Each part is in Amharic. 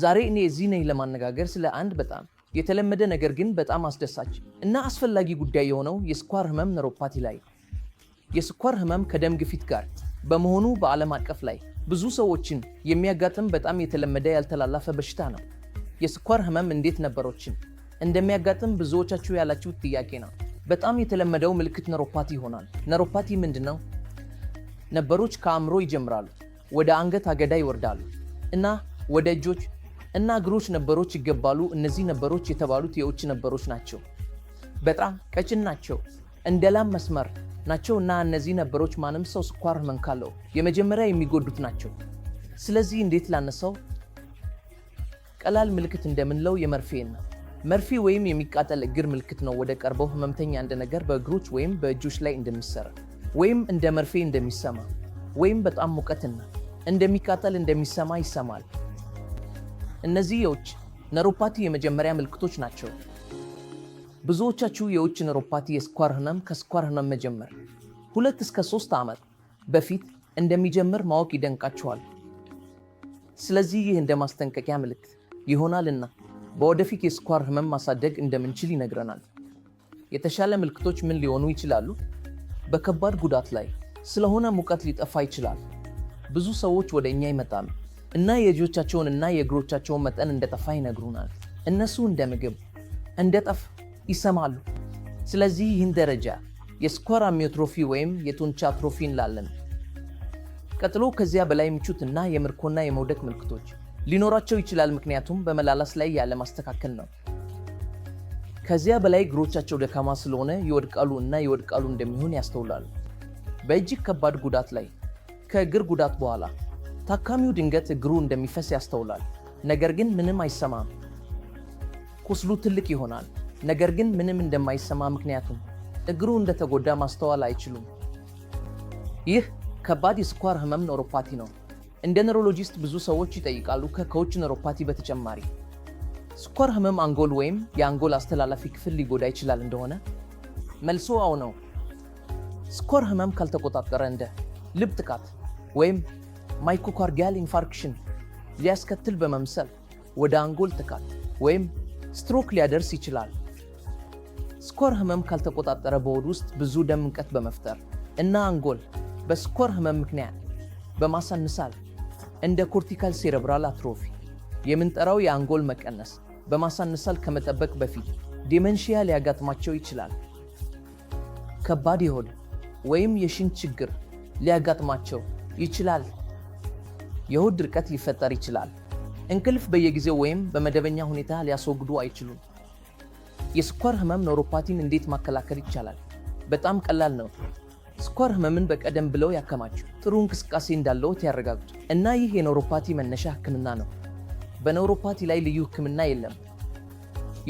ዛሬ እኔ እዚህ ነኝ ለማነጋገር ስለ አንድ በጣም የተለመደ ነገር ግን በጣም አስደሳች እና አስፈላጊ ጉዳይ የሆነው የስኳር ህመም ነሮፓቲ ላይ። የስኳር ህመም ከደም ግፊት ጋር በመሆኑ በዓለም አቀፍ ላይ ብዙ ሰዎችን የሚያጋጥም በጣም የተለመደ ያልተላለፈ በሽታ ነው። የስኳር ህመም እንዴት ነበሮችን እንደሚያጋጥም ብዙዎቻችሁ ያላችሁት ጥያቄ ነው። በጣም የተለመደው ምልክት ነሮፓቲ ይሆናል። ነሮፓቲ ምንድን ነው? ነበሮች ከአእምሮ ይጀምራሉ፣ ወደ አንገት አገዳ ይወርዳሉ እና ወደ እጆች እና እግሮች ነበሮች ይገባሉ። እነዚህ ነበሮች የተባሉት የውጭ ነበሮች ናቸው። በጣም ቀጭን ናቸው፣ እንደ ላም መስመር ናቸው እና እነዚህ ነበሮች ማንም ሰው ስኳር ህመም ካለው የመጀመሪያ የሚጎዱት ናቸው። ስለዚህ እንዴት ላነሳው? ቀላል ምልክት እንደምንለው የመርፌና መርፌ ወይም የሚቃጠል እግር ምልክት ነው። ወደ ቀርበው ህመምተኛ እንደ ነገር በእግሮች ወይም በእጆች ላይ እንደሚሰራ ወይም እንደ መርፌ እንደሚሰማ ወይም በጣም ሙቀትና እንደሚቃጠል እንደሚሰማ ይሰማል። እነዚህዎች ነሮፓቲ የመጀመሪያ ምልክቶች ናቸው። ብዙዎቻችሁ የውጭ ነሮፓቲ የስኳር ህመም ከስኳር ህመም መጀመር ሁለት እስከ ሶስት ዓመት በፊት እንደሚጀምር ማወቅ ይደንቃችኋል። ስለዚህ ይህ እንደ ማስጠንቀቂያ ምልክት ይሆናልና በወደፊት የስኳር ህመም ማሳደግ እንደምንችል ይነግረናል። የተሻለ ምልክቶች ምን ሊሆኑ ይችላሉ? በከባድ ጉዳት ላይ ስለሆነ ሙቀት ሊጠፋ ይችላል። ብዙ ሰዎች ወደ እኛ ይመጣሉ። እና የእጆቻቸውን እና የእግሮቻቸውን መጠን እንደጠፋ ይነግሩናል። እነሱ እንደ ምግብ እንደ ጠፍ ይሰማሉ። ስለዚህ ይህን ደረጃ የስኳር አሚዮትሮፊ ወይም የጡንቻ ትሮፊ እንላለን። ቀጥሎ ከዚያ በላይ እና የምርኮና የመውደቅ ምልክቶች ሊኖራቸው ይችላል፣ ምክንያቱም በመላላስ ላይ ያለ ማስተካከል ነው። ከዚያ በላይ እግሮቻቸው ደካማ ስለሆነ ይወድቃሉ እና ይወድቃሉ እንደሚሆን ያስተውላሉ። በእጅግ ከባድ ጉዳት ላይ ከእግር ጉዳት በኋላ ታካሚው ድንገት እግሩ እንደሚፈስ ያስተውላል፣ ነገር ግን ምንም አይሰማም። ቁስሉ ትልቅ ይሆናል፣ ነገር ግን ምንም እንደማይሰማ ምክንያቱም እግሩ እንደተጎዳ ማስተዋል አይችሉም። ይህ ከባድ የስኳር ህመም ኖሮፓቲ ነው። እንደ ኒውሮሎጂስት ብዙ ሰዎች ይጠይቃሉ፣ ከኮች ኒውሮፓቲ በተጨማሪ ስኳር ህመም አንጎል ወይም የአንጎል አስተላላፊ ክፍል ሊጎዳ ይችላል እንደሆነ? መልሶ አዎ ነው። ስኳር ህመም ካልተቆጣጠረ እንደ ልብ ጥቃት ወይም ማይኮካርዲያል ኢንፋርክሽን ሊያስከትል በመምሰል ወደ አንጎል ጥቃት ወይም ስትሮክ ሊያደርስ ይችላል። ስኳር ህመም ካልተቆጣጠረ በሆድ ውስጥ ብዙ ደም እንቀት በመፍጠር እና አንጎል በስኳር ህመም ምክንያት በማሳንሳል እንደ ኮርቲካል ሴረብራል አትሮፊ የምንጠራው የአንጎል መቀነስ በማሳንሳል ከመጠበቅ በፊት ዴመንሺያ ሊያጋጥማቸው ይችላል። ከባድ የሆድ ወይም የሽንት ችግር ሊያጋጥማቸው ይችላል። የሆድ ድርቀት ሊፈጠር ይችላል። እንክልፍ በየጊዜው ወይም በመደበኛ ሁኔታ ሊያስወግዱ አይችሉም። የስኳር ህመም ኖሮፓቲን እንዴት ማከላከል ይቻላል? በጣም ቀላል ነው። ስኳር ህመምን በቀደም ብለው ያከማችሁ፣ ጥሩ እንቅስቃሴ እንዳለዎት ያረጋግጡ እና ይህ የኖሮፓቲ መነሻ ህክምና ነው። በኖሮፓቲ ላይ ልዩ ህክምና የለም።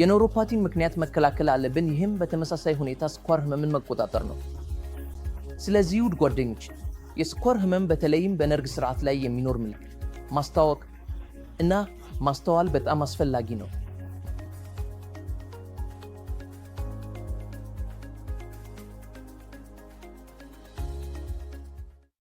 የኖሮፓቲን ምክንያት መከላከል አለብን። ይህም በተመሳሳይ ሁኔታ ስኳር ህመምን መቆጣጠር ነው። ስለዚህ ውድ ጓደኞች የስኳር ህመም በተለይም በነርቭ ስርዓት ላይ የሚኖር ምልክት ማስታወቅ እና ማስተዋል በጣም አስፈላጊ ነው።